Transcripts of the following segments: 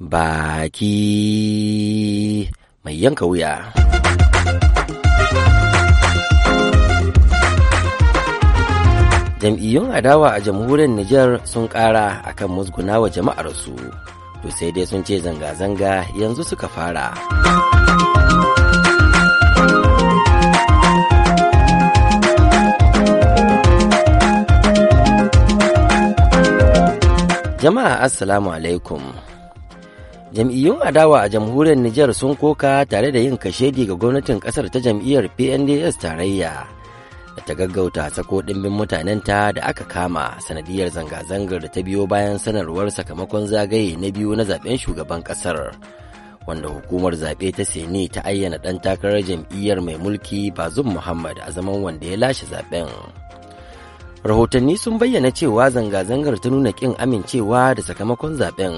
baki mai yanka wuya. Jam'iyyun adawa a jamhuriyar Nijar sun ƙara akan wa jama'arsu, to sai dai sun ce zanga-zanga yanzu suka fara. Jama'a Assalamu alaikum. jam'iyyun adawa a jamhuriyar Nijar sun koka tare da yin kashedi ga gwamnatin kasar ta jam'iyyar PNDS tarayya da ta gaggauta sako ɗimbin ta da aka kama sanadiyar zanga-zangar da ta biyo bayan sanarwar sakamakon zagaye na biyu na zaben shugaban kasar wanda hukumar zaɓe ta sene ta ayyana ɗan takarar jam'iyyar mai mulki bazum muhammad a zaman wanda ya lashe zaben rahotanni sun bayyana cewa zanga-zangar ta nuna kin amincewa da sakamakon zaben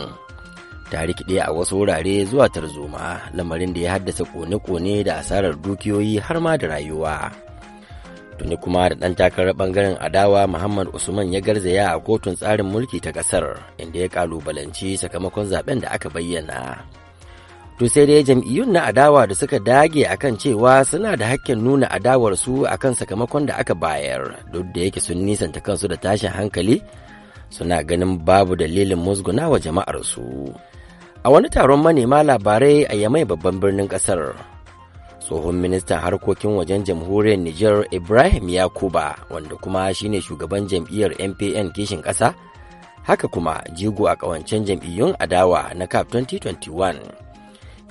ta rikide a wasu wurare zuwa tarzoma lamarin da ya haddasa kone-kone da asarar dukiyoyi har ma da rayuwa tuni kuma da ɗan takarar ɓangaren adawa muhammad usman ya garzaya a kotun tsarin mulki ta ƙasar inda ya ƙalubalanci sakamakon zaben da aka bayyana to sai dai jam'iyyun na adawa da suka dage a kan cewa suna da hakkin nuna adawarsu akan sakamakon da aka bayar duk da yake sun nisanta kansu da tashin hankali suna ganin babu dalilin musguna wa jama'arsu. su a wani taron manema labarai a yamai babban birnin kasar tsohon ministan harkokin wajen jamhuriyar Nijar ibrahim yakuba wanda kuma shine shugaban jam'iyyar mpn kishin ƙasa haka kuma jigo a ƙawancen jam'iyyun adawa na cap 2021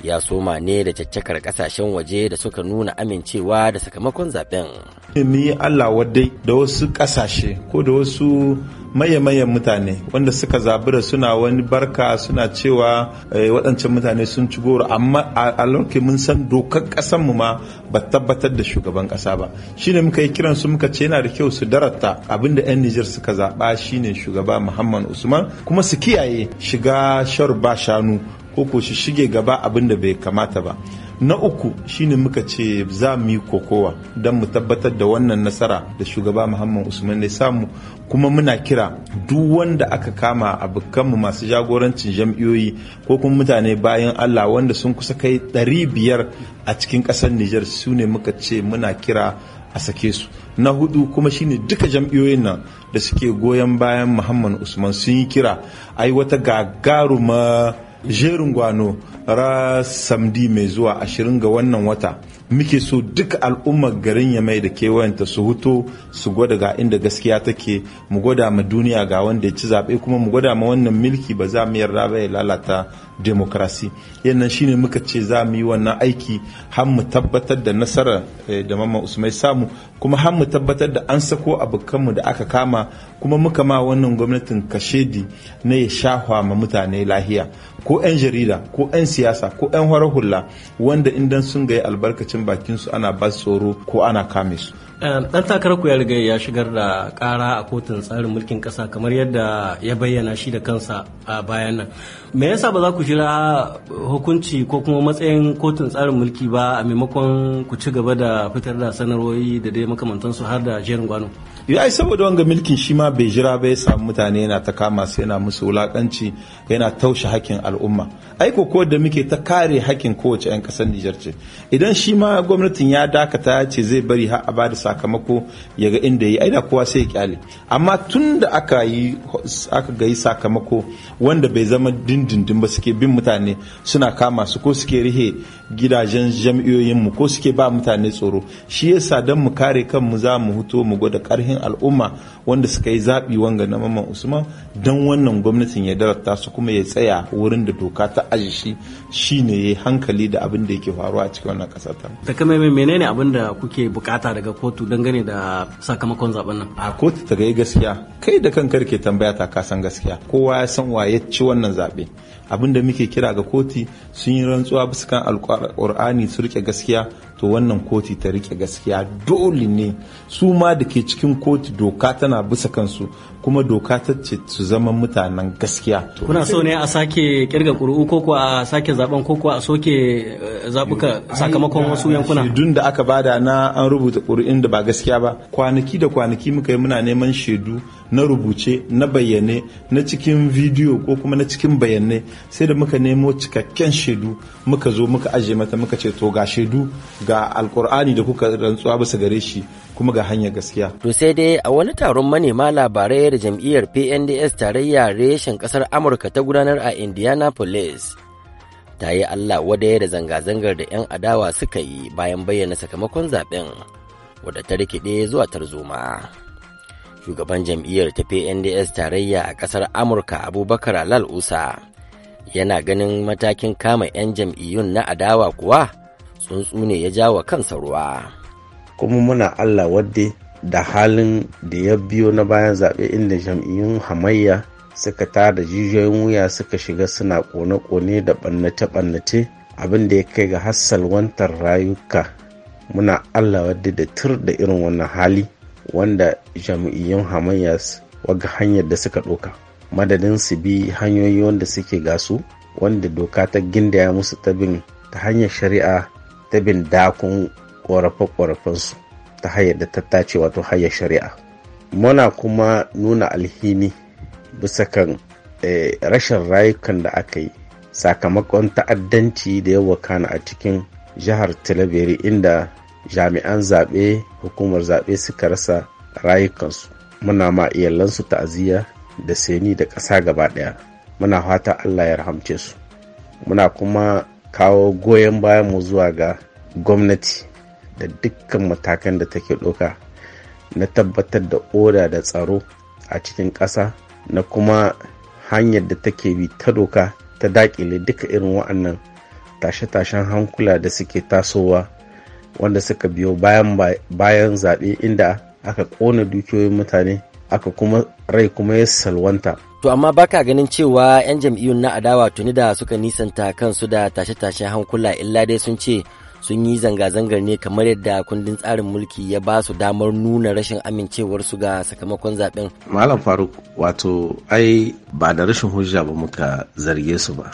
ya soma ne da caccakar kasashen waje da suka nuna amincewa da sakamakon zaben. ni allah wadai da wasu ƙasashe ko da wasu maye mutane wanda suka zabura suna wani barka suna cewa eh, waɗancan mutane sun ci goro amma a lauke mun san dokar ƙasar mu ma ba tabbatar da shugaban ƙasa ba shine muka yi kiran su muka ce yana da kyau su darata abinda 'yan Nijar suka zaɓa shine shugaba Muhammad Usman kuma su kiyaye shiga shar ba shanu ko ko shi shige gaba abinda bai kamata ba na uku shine muka ce za mu yi kokowa don mu tabbatar da wannan nasara da shugaba muhammad usman ne samu kuma muna kira duk wanda aka kama a abokanmu masu jagorancin jam'iyoyi ko kuma mutane bayan allah wanda sun kusa kai ɗari biyar. a cikin ƙasar nijar su ne muka ce muna kira a sake su na hudu kuma shine duka jam'iyoyin nan da suke goyon bayan muhammad usman sun yi kira ai wata gagaruma jerin gwano ra samdi mai zuwa ashirin ga wannan wata muke so duka al'ummar garin ya mai da kewayenta su huto su gwada ga inda gaskiya take mu gwada ma duniya ga wanda ya ci zaɓe kuma mu gwada ma wannan milki ba za mu yi ba ya lalata demokrasi yannan shine muka ce za mu yi wannan aiki har mu tabbatar da nasara eh, da mama usmai samu kuma har mu tabbatar da an sako abokanmu da aka kama kuma muka ma wannan gwamnatin kashedi na ya shahwa ma mutane lahiya ko 'yan jarida ko 'yan siyasa ko 'yan hula wanda indan sun gayi albarkacin cikin bakin su ana ba tsoro ko ana kame su dan takarar ku ya riga ya shigar da kara a kotun tsarin mulkin kasa kamar yadda ya bayyana shi da kansa a bayan nan me yasa ba za ku jira hukunci ko kuma matsayin kotun tsarin mulki ba a maimakon ku ci gaba da fitar da sanarwoyi da dai makamantansu har da jerin gwano ya yi saboda wanga milkin shi ma bai jira ba ya samu mutane yana ta kama su yana musu wulakanci yana taushe hakkin al'umma ai ko da muke ta kare hakkin kowace 'yan kasar Nijar ce idan shi ma gwamnatin ya dakata ya ce zai bari har a bada sakamako ya ga inda yi ai da kowa sai ya kyale amma tun da aka yi aka ga yi sakamako wanda bai zama dindindin ba suke bin mutane suna kama su ko suke rihe gidajen jam'iyoyinmu ko suke ba mutane tsoro shi yasa don mu kare kanmu za mu huto mu gwada karhin al'umma wanda suka yi zaɓi wanga na mamman usman don wannan gwamnatin ya darata su kuma ya tsaya wurin da doka ta aji shi ne ya hankali da abin da yake faruwa a cikin wannan ƙasa ta mene menene abin da kuke bukata daga kotu dangane da sakamakon zaben nan a kotu ta gaya eh gaskiya kai da kan karke tambaya ta kasan gaskiya kowa ya san wa ya ci wannan zaɓe abin da muke kira ga kotu sun yi rantsuwa bisa kan qur'ani su rike gaskiya to wannan koti ta rike gaskiya dole ne su ma da ke cikin koti doka tana bisa kansu kuma doka ta ce su zama mutanen gaskiya kuna so ne a sake kirga ƙuri'u ko kuwa a sake zaben ko kuwa a soke eh, zabuka eh, sakamakon wasu yankuna shedun da aka bada na an rubuta ƙuri'un da ba gaskiya ba kwanaki da kwanaki muka yi muna neman shaidu na rubuce na bayyane na cikin bidiyo ko kuma na cikin bayyane sai da muka nemo cikakken shaidu muka zo muka aje mata muka ce to ga shaidu ga alkur'ani da kuka rantsuwa bisa gare shi kuma ga hanyar gaskiya. To sai dai a wani taron manema labarai da jam'iyyar PNDS tarayya reshen kasar Amurka ta gudanar a Indianapolis. Ta yi Allah wadaya da zanga-zangar da 'yan adawa suka yi bayan bayyana sakamakon zaben wadda ta rikide zuwa tarzoma. Shugaban jam'iyyar ta PNDS tarayya a kasar Amurka Abubakar Alal Usa yana ganin matakin kama 'yan jam'iyyun na adawa kuwa tsuntsu ne ya ja wa kansa ruwa kuma muna allah wadde da halin da ya biyo na bayan zaɓe inda jam'iyyun hamayya suka tada jijiyoyin wuya suka shiga suna kone-kone da ɓannace-ɓannace abin da ya kai ga hassal wantar rayuka muna allah wadda da tur da irin wannan hali wanda jam'iyyun hamayya waga hanyar da suka ɗoka madadin su bi hanyoyi wanda suke gasu wanda doka ta gindaya musu ta bin ta hanyar shari'a ta bin dakun ƙorafe-ƙorafensu ta hanyar da ta tace wato hanyar shari'a muna kuma nuna alhini bisa kan eh, rashin rayukan da aka yi sakamakon ta'addanci da ya wakana a cikin jihar tilabiri inda jami'an zaɓe hukumar zaɓe suka rasa rayukansu muna ma iyalansu ta'aziyya da seni da ƙasa gaba ɗaya muna fata allah ya rahamce su muna kuma kawo goyon bayan mu zuwa ga gwamnati da dukkan matakan da take doka na tabbatar da oda da tsaro a cikin ƙasa na kuma hanyar da take bi ta doka ta dakile duka irin wa'annan tashe-tashen hankula da suke tasowa wanda suka biyo bayan zaɓe inda aka ƙona dukiyoyin mutane aka kuma rai kuma ya salwanta To amma baka ganin cewa 'yan jam'iyyun na adawa tuni da suka nisanta kansu da tashe-tashen hankula illa dai sun ce sun yi zanga-zangar ne kamar yadda kundin tsarin mulki ya ba su damar nuna rashin su ga sakamakon zaben. Malam Faruk wato ai ba da rashin hujja ba muka zarge su ba.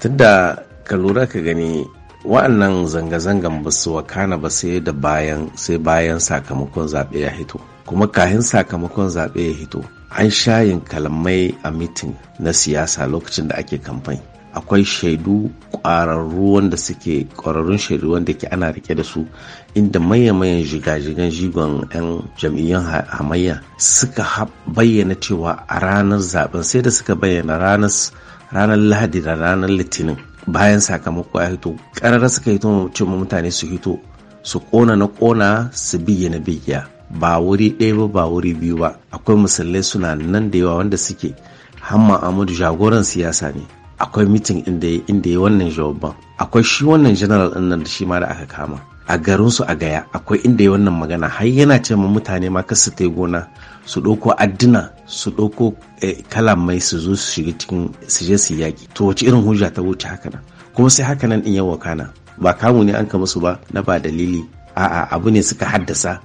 Tunda ka lura ka gani wa'annan zanga-zangan ba su wakana ba sai da bayan sai bayan sakamakon zaɓe ya hito. Kuma kahin sakamakon zaɓe ya hito an shayin kalamai a mitin na siyasa lokacin da ake kamfani akwai shaidu ƙwararru wanda suke ƙwararrun shaidu wanda ke ana rike da su inda maya mayen jigajigan jigon 'yan jam'iyyun hamayya suka bayyana cewa a ranar zaben sai da suka bayyana ranar lahadi da ranar litinin bayan sakamako ya hito ƙararra suka hito cewa mutane su hito su ƙona na ƙona su biya na biya ba wuri ɗaya ba ba wuri biyu ba akwai musulmai suna nan da yawa wanda suke hamma amadu jagoran siyasa ne akwai mitin inda ya inda ya wannan jawaban akwai shi wannan general din nan da shi ma da aka kama a garin su a gaya akwai inda ya wannan magana har yana ce ma mutane ma kasu ta tai gona su ɗauko adduna su ɗauko eh, kalamai su zo su shiga cikin su je su yaƙi to wace irin hujja ta wuce haka nan kuma sai haka nan ɗin yawa kana ba kamu ne an ka musu ba na ba dalili a'a abu ne suka haddasa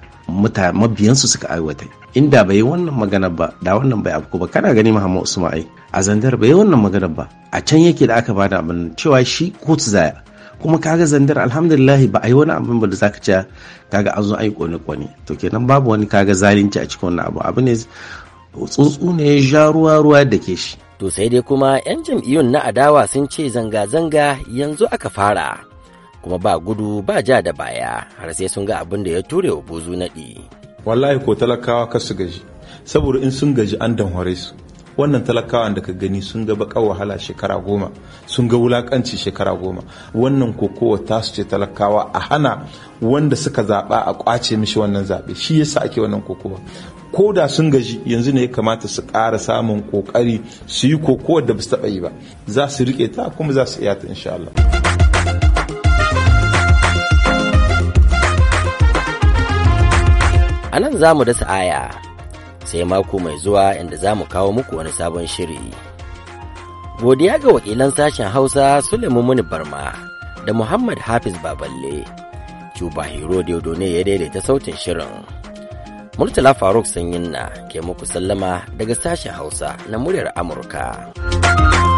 mabiyansu suka aiwata inda bai wannan magana ba da wannan bai abu ba kana gani Muhammad Usman a zandar bai wannan magana ba a can yake da aka bada abin cewa shi kotu zaya kuma kaga zandar alhamdulillah ba a yi wani abin ba da za ka ce kaga an zo an yi kone-kone to kenan babu wani kaga zalunci a cikin wannan abu abu ne tsuntsu ne ya ja ruwa-ruwa da ke shi to sai dai kuma 'yan jam'iyyun na adawa sun ce zanga-zanga yanzu aka fara kuma ba gudu ba ja da baya har sai sun ga abin da ya ture wa buzu naɗi. wallahi ko talakawa ka su gaji saboda in sun gaji an hore, su wannan talakawan da ka gani sun ga baka wahala shekara goma sun ga wulakanci shekara goma wannan kokowa ta su ce talakawa a hana wanda suka zaɓa a kwace mishi wannan zaɓe shi yasa ake wannan kokowa ko da sun gaji yanzu ne ya kamata su ƙara samun ƙoƙari su yi kokowar da ba su taɓa yi ba za su riƙe ta kuma za su iya ta insha Allah. nan za mu dasa aya sai mako mai zuwa inda za mu kawo muku wani sabon shiri. Godiya ga wakilan sashen Hausa Suleiman Muni Barma da Muhammad Hafiz Baballe, Cuba Hero Diodone ya daidaita sautin shirin. Murtala Faruk na ke muku sallama daga sashen Hausa na muryar Amurka.